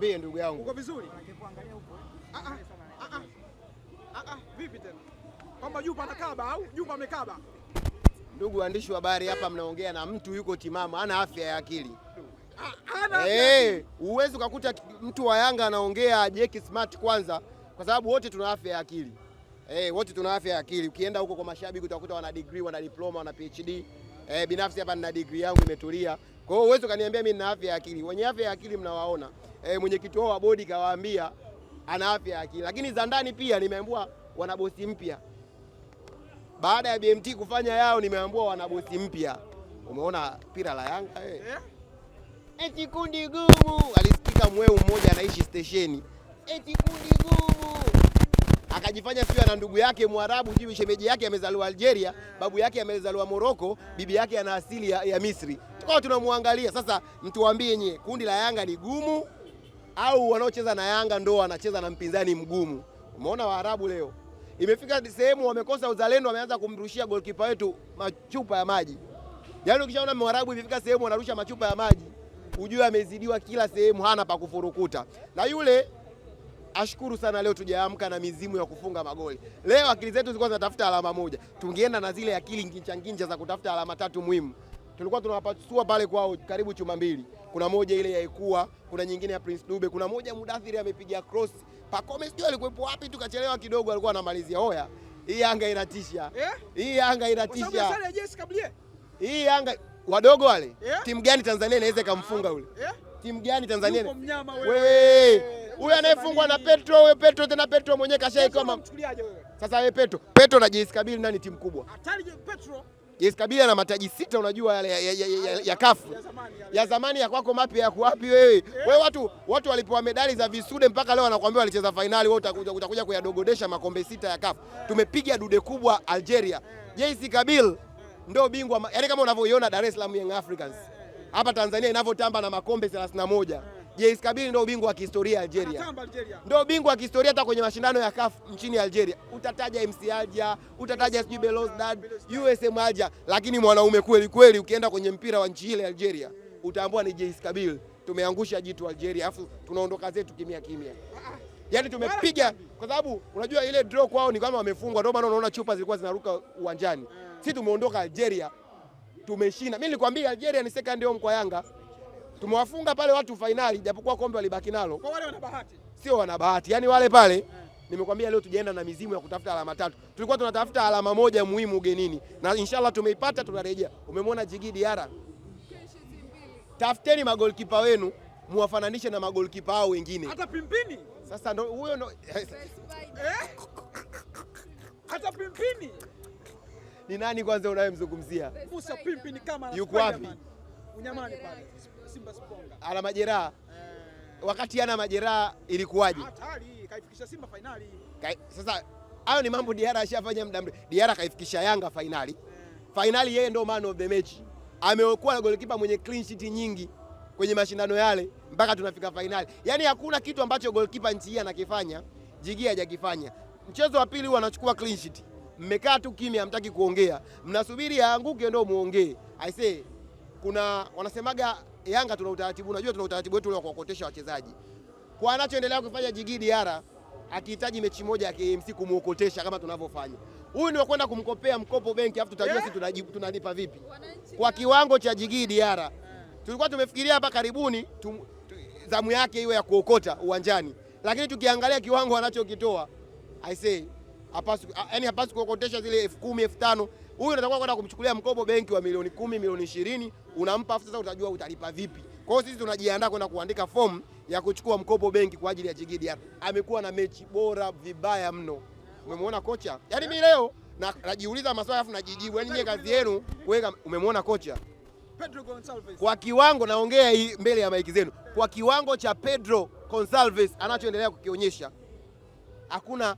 nikwambie ndugu yangu. Uko vizuri? Ah ah. Ah ah. Vipi tena? Kwamba Juba anakaba au Juba amekaba? Ndugu waandishi wa habari, hapa mnaongea na mtu yuko timamu, ana afya ya akili. Hey, ah, eh, huwezi ukakuta mtu wa Yanga anaongea Jeki Smart kwanza, kwa sababu wote tuna afya ya akili. Hey, eh, wote tuna afya ya akili. Ukienda huko kwa mashabiki utakuta wana degree, wana diploma, wana PhD. Hey, eh, binafsi hapa nina degree yangu imetulia. Kwa hiyo huwezi ukaniambia mimi nina afya ya akili. Wenye afya ya akili mnawaona e, mwenyekiti wao wa bodi kawaambia ana afya ya akili. Lakini za ndani pia nimeambiwa wana bosi mpya baada ya BMT kufanya yao, nimeambiwa wana bosi mpya. Umeona pira la Yanga eh? Yeah. Eti kundi gumu, alisikika mweu mmoja anaishi stesheni, eti kundi gumu, akajifanya sio ana ndugu yake Mwarabu, sijui shemeji yake amezaliwa Algeria, babu yake amezaliwa Moroko, bibi yake ana asili ya, ya Misri. tukawa tunamwangalia sasa, mtuambie nyie, kundi la Yanga ni gumu au wanaocheza na Yanga ndo wanacheza na mpinzani mgumu. Umeona Waarabu leo imefika sehemu wamekosa uzalendo, wameanza kumrushia goalkeeper wetu machupa ya maji. Yaani ukishaona Mwarabu imefika sehemu wanarusha machupa ya maji, ujue amezidiwa kila sehemu, hana pa kufurukuta. Na yule ashukuru sana leo tujaamka na mizimu ya kufunga magoli. Leo akili zetu zilikuwa zinatafuta alama moja, tungeenda na zile akili nginja nginja za kutafuta alama tatu muhimu tulikuwa tunawapasua pale kwao karibu chuma mbili, kuna moja ile ya Ikua, kuna nyingine ya Prince Dube, kuna moja Mudathiri amepiga cross. Pacome sijui alikuwepo wapi, tukachelewa kidogo, alikuwa anamalizia. Hoya, hii Yanga inatisha, eh? hii Yanga inatisha, hii Yanga wadogo wale. Eh? Timu gani Tanzania inaweza ikamfunga ah, ule? Eh? Timu gani Tanzania? Wewe huyo anayefungwa na Petro, wewe Petro tena Petro mwenyewe kashaikaa. Sasa wewe Petro, Petro na JS Kabili nani timu kubwa? Hatari Petro. Yes, Kabila na mataji sita unajua yale ya, ya, ya, ya, ya kafu ya zamani ya kwako mapya ya kuwapi wewe we, watu watu walipewa medali za visude mpaka leo wanakuambia walicheza fainali, wewe utakuja kuyadogodesha makombe sita ya kafu. Tumepiga dude kubwa Algeria. JC Kabil ndio bingwa, yaani kama unavyoiona Dar es Salaam Young Africans hapa Tanzania inavyotamba na makombe 31. Jais Kabili ndio ubingwa wa kihistoria ya Algeria, ndio ubingwa wa kihistoria hata kwenye mashindano ya CAF nchini Algeria. Utataja MC Alger, utataja sijui Belouizdad, USM Alger, lakini mwanaume kweli kweli, ukienda kwenye mpira wa nchi ile Algeria utaambua ni Jais Kabili. Tumeangusha jitu Algeria, afu tunaondoka zetu kimya kimya. Yaani tumepiga kwa sababu unajua ile draw kwao ni kama wamefungwa, ndio maana unaona chupa zilikuwa zinaruka uwanjani. Sisi tumeondoka Algeria tumeshinda. Mimi nilikwambia Algeria ni second home kwa Yanga tumewafunga pale watu fainali, japokuwa kombe walibaki nalo. Kwa wale wana bahati, sio wana bahati, yaani wale pale Nimekwambia leo tujaenda na mizimu ya kutafuta alama tatu. Tulikuwa tunatafuta alama moja muhimu ugenini na inshallah tumeipata, tunarejea. Umemwona Jigi Diara, tafuteni magolkipa wenu muwafananishe na magolkipa hao wengine. Hata pimpini sasa ndo huyo ndo eh? hata pimpini ni nani kwanza unayemzungumzia? Musa pimpini kama yuko wapi? Unyamani pale. Simba Sponga. Ana majeraha. Eh. Wakati ana majeraha ilikuwaje? Hatari, kaifikisha Simba finali. Kai... Sasa hayo ni mambo Diara ashafanya muda mrefu. Diara kaifikisha Yanga finali. eh. Finali yeye ndio man of the match. Amekuwa na golikipa mwenye clean sheet nyingi kwenye mashindano yale mpaka tunafika finali. Yaani hakuna kitu ambacho goalkeeper nchi hii anakifanya, Jigi hajakifanya. Mchezo wa pili wanachukua clean sheet. Mmekaa tu kimya, hamtaki kuongea, mnasubiri aanguke ndio muongee. I say kuna wanasemaga Yanga tuna utaratibu, unajua tuna utaratibu wetu wa kuokotesha wachezaji. Kwa anachoendelea kufanya Djigui Diarra akihitaji mechi moja ya KMC kumuokotesha kama tunavyofanya. Huyu ndio kwenda kumkopea mkopo benki afu tutajua sisi tunajibu tunalipa vipi. Kwa kiwango cha Djigui Diarra. Tulikuwa tumefikiria hapa karibuni tum, tu, zamu yake iwe ya kuokota uwanjani. Lakini tukiangalia kiwango anachokitoa I say hapaswi, yani hapaswi kuokotesha zile elfu kumi elfu tano huyu unatakiwa kwenda kumchukulia mkopo benki wa milioni kumi, milioni ishirini, unampa afu sasa utajua utalipa vipi. Kwa hiyo sisi tunajiandaa kwenda kuandika fomu ya kuchukua mkopo benki kwa ajili ya Jigidia. Amekuwa na mechi bora vibaya mno. Umemwona kocha? Yaani mimi leo na najiuliza maswali afu najijibu. Yaani nyie kazi yenu kuweka. Umemwona kocha Pedro Gonsalves kwa kiwango, naongea hii mbele ya maiki zenu, kwa kiwango cha Pedro Gonsalves anachoendelea kukionyesha hakuna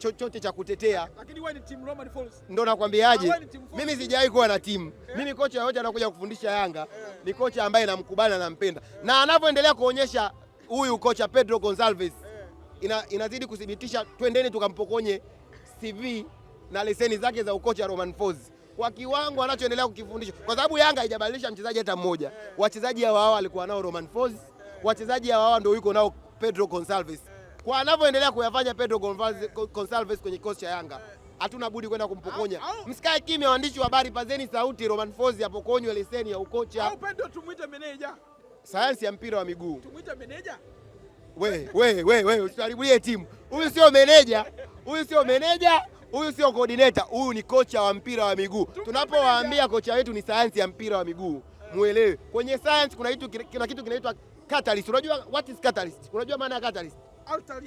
chochote cha kutetea. Lakini wewe ni team Roman Falls. Ndio nakwambiaje, ah, mimi sijawahi kuwa na timu yeah. Eh. Mimi kocha yote anakuja kufundisha Yanga yeah. Ni kocha ambaye namkubali na nampenda yeah. Na anavyoendelea kuonyesha huyu kocha Pedro Gonzalez yeah. Ina, inazidi kuthibitisha, twendeni tukampokonye CV na leseni zake za ukocha Roman Falls. kwa kiwango anachoendelea kukifundisha, kwa sababu Yanga haijabadilisha mchezaji hata mmoja. Eh. Wachezaji hawa hawa alikuwa nao roman Folz, eh. wachezaji hawa hawa ndio yuko nao Pedro Gonzalez kwa anavyoendelea kuyafanya Pedro Gonsalves kwenye kikosi cha Yanga, hatuna budi kwenda kumpokonya. Msikae kimya, waandishi wa habari, pazeni sauti. Roman Fozi apokonywe leseni ya ukocha au Pedro tumuite meneja. Sayansi ya mpira wa miguu, tumuite meneja. We, we, we, we, usitaribulie timu. Huyu sio meneja, huyu sio meneja, huyu sio coordinator, huyu ni kocha wa mpira wa miguu. Tunapowaambia kocha wetu ni sayansi ya mpira wa miguu, muelewe. Kwenye sayansi kuna kitu kinaitwa catalyst. Unajua what is catalyst? Unajua maana ya catalyst? alter,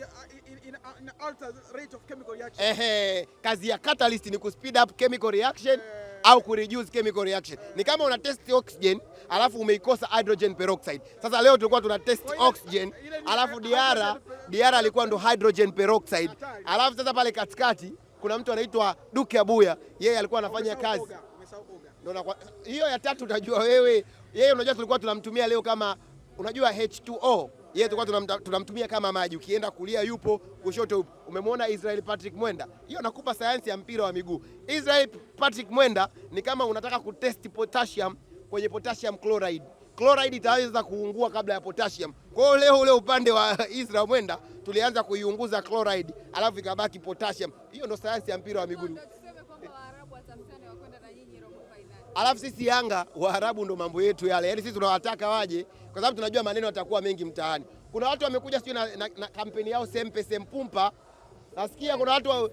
in, in alter rate of chemical reaction. Ehe, kazi ya catalyst ni ku speed up chemical reaction eh, au ku reduce chemical reaction eh. Ni kama una test oxygen alafu umeikosa hydrogen peroxide. Sasa leo tulikuwa tuna test oxygen ile, ile, alafu diara eh, diara alikuwa ndo hydrogen peroxide. Alafu sasa pale katikati kuna mtu anaitwa Duke Abuya, yeye alikuwa anafanya kazi hiyo ya tatu. Utajua wewe, yeye unajua tulikuwa tunamtumia leo kama unajua H2O yeye tulikuwa tunamtumia kama maji, ukienda kulia yupo, kushoto yupo. Umemwona Israel Patrick Mwenda, hiyo nakupa sayansi ya mpira wa miguu. Israel Patrick Mwenda ni kama unataka kutesti potassium kwenye potassium chloride. Chloride itaweza kuungua kabla ya potassium. Kwa hiyo leo ule upande wa Israel Mwenda tulianza kuiunguza chloride, alafu ikabaki potassium. Hiyo ndo sayansi ya mpira wa miguu. Alafu sisi Yanga Waarabu ndo mambo yetu yale, yaani sisi tunawataka waje, kwa sababu tunajua maneno yatakuwa mengi mtaani. Kuna watu wamekuja sio na, na, na kampeni yao sempe sempumpa, nasikia kuna watu wa,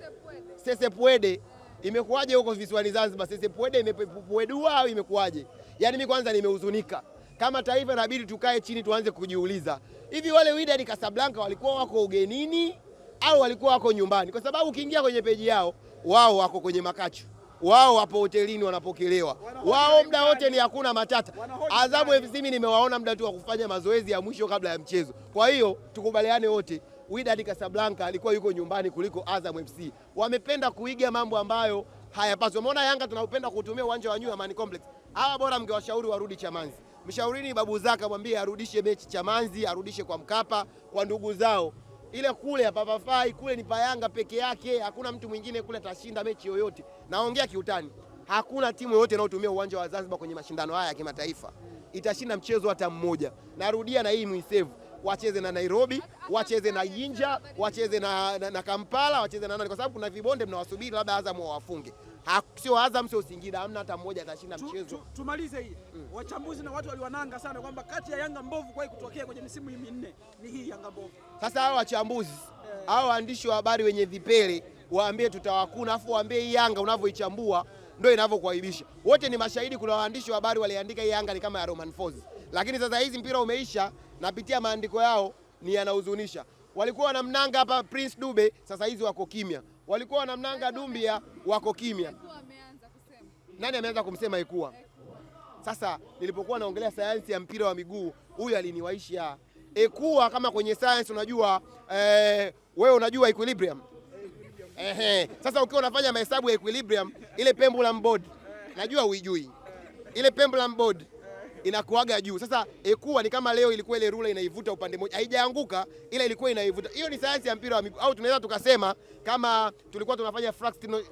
sesepwede imekuwaje huko visiwani Zanzibar? Sesepwede imepwedua au imekuwaje? Yaani mimi kwanza nimehuzunika kama taifa, inabidi tukae chini tuanze kujiuliza hivi, wale Wydad Casablanca walikuwa wako ugenini au walikuwa wako nyumbani? Kwa sababu ukiingia kwenye peji yao wao wako kwenye makachu wao wapo hotelini wanapokelewa, wao muda wote ni hakuna matata. Azamu FC mimi nimewaona muda tu wa kufanya mazoezi ya mwisho kabla ya mchezo. Kwa hiyo tukubaliane wote, Wydad Casablanca alikuwa yuko nyumbani kuliko Azam FC. Wamependa kuiga mambo ambayo hayapaswi. Umeona Yanga tunaupenda kutumia uwanja wa New Amaan Complex. Hawa bora mngewashauri warudi Chamanzi. Mshaurini Babu Zaka, mwambie arudishe mechi Chamanzi, arudishe kwa Mkapa kwa ndugu zao ile kule ya kule ni payanga peke yake, hakuna mtu mwingine kule atashinda mechi yoyote. Naongea kiutani, hakuna timu yoyote inayotumia uwanja wa Zanzibar kwenye mashindano haya ya kimataifa itashinda mchezo hata mmoja. Narudia na hii muisevu, wacheze na Nairobi, wacheze na Jinja, wacheze na, na, na Kampala, wacheze na nani, kwa sababu kuna vibonde mnawasubiri, labda Azam wawafunge sio Azam sio Singida, hamna hata mmoja atashinda mchezo. Tumalize hii mm. Wachambuzi na watu waliwananga sana kwamba kati ya Yanga mbovu kwa kutokea kwenye misimu minne ni hii Yanga mbovu. Sasa hao wachambuzi eh. hao yeah. waandishi wa habari wenye vipele waambie tutawakuna, afu waambie hii Yanga unavyoichambua ndio inavyokuaibisha. Wote ni mashahidi, kuna waandishi wa habari waliandika hii Yanga ni kama ya Roman Force, lakini sasa hizi mpira umeisha, napitia maandiko yao ni yanahuzunisha walikuwa wanamnanga hapa Prince Dube, sasa hizi wako kimya. Walikuwa wanamnanga Dumbia, wako kimya. Nani ameanza kumsema Ekua? Sasa nilipokuwa naongelea sayansi ya mpira wa miguu, huyu aliniwaisha Ekua. Kama kwenye sayansi unajua eh, wewe unajua equilibrium ehe. Sasa ukiwa unafanya mahesabu ya equilibrium, ile pendulum board najua huijui ile pendulum board inakuaga juu. Sasa ekuwa ni kama leo ilikuwa ile rula inaivuta upande mmoja, haijaanguka ila ilikuwa inaivuta. Hiyo ni sayansi ya mpira wa miguu, au tunaweza tukasema kama tulikuwa tunafanya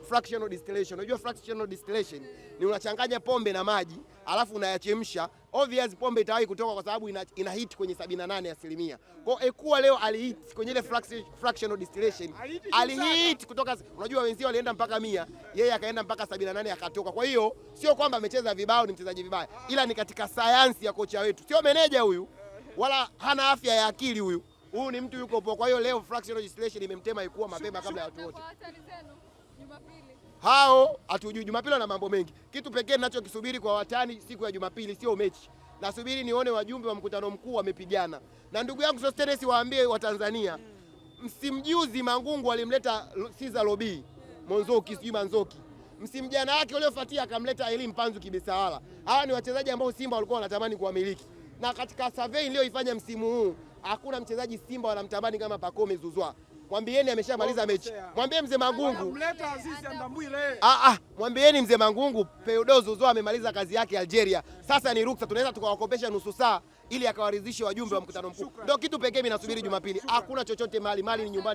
fractional distillation. Unajua fractional distillation ni unachanganya pombe na maji alafu unayachemsha obvious pombe itawahi kutoka kwa sababu ina, ina hit kwenye 78 asilimia. Kwa hiyo leo alihit kwenye ile fractional distillation alihit kutoka, unajua wenzio walienda mpaka mia, yeye akaenda mpaka 78 akatoka. Kwa hiyo sio kwamba amecheza vibao, ni mchezaji vibaya, ila ni katika sayansi ya kocha wetu. Sio meneja huyu, wala hana afya ya akili huyu, huyu ni mtu yuko poa. Kwa hiyo leo fractional distillation imemtema ekua mapema kabla ya watu wote hao hatujui. Jumapili wana mambo mengi. Kitu pekee ninachokisubiri kwa watani siku ya Jumapili sio mechi, nasubiri nione wajumbe wa mkutano mkuu wamepigana. Na ndugu yangu Sostenes, waambie Watanzania msimjuzi Mangungu alimleta Siza Lobi Monzoki sijui Manzoki, msimjana wake uliofuatia akamleta Elimu Panzu Kibisawala. Hawa ni wachezaji ambao Simba walikuwa wanatamani kuwamiliki, na katika survey iliyoifanya msimu huu hakuna mchezaji Simba wanamtamani kama Pacome Zuzwa. Mwambieni ameshamaliza mechi. Mwambie mzee Mangungu. Ah, ah, mwambieni mzee Mangungu Pedro Zouzoua amemaliza kazi yake Algeria. Sasa ni ruksa, tunaweza tukawakopesha nusu saa ili akawaridhishe wajumbe wa mkutano mkuu. Ndio kitu pekee mimi nasubiri Jumapili. Hakuna chochote mali, mali ni nyumbani.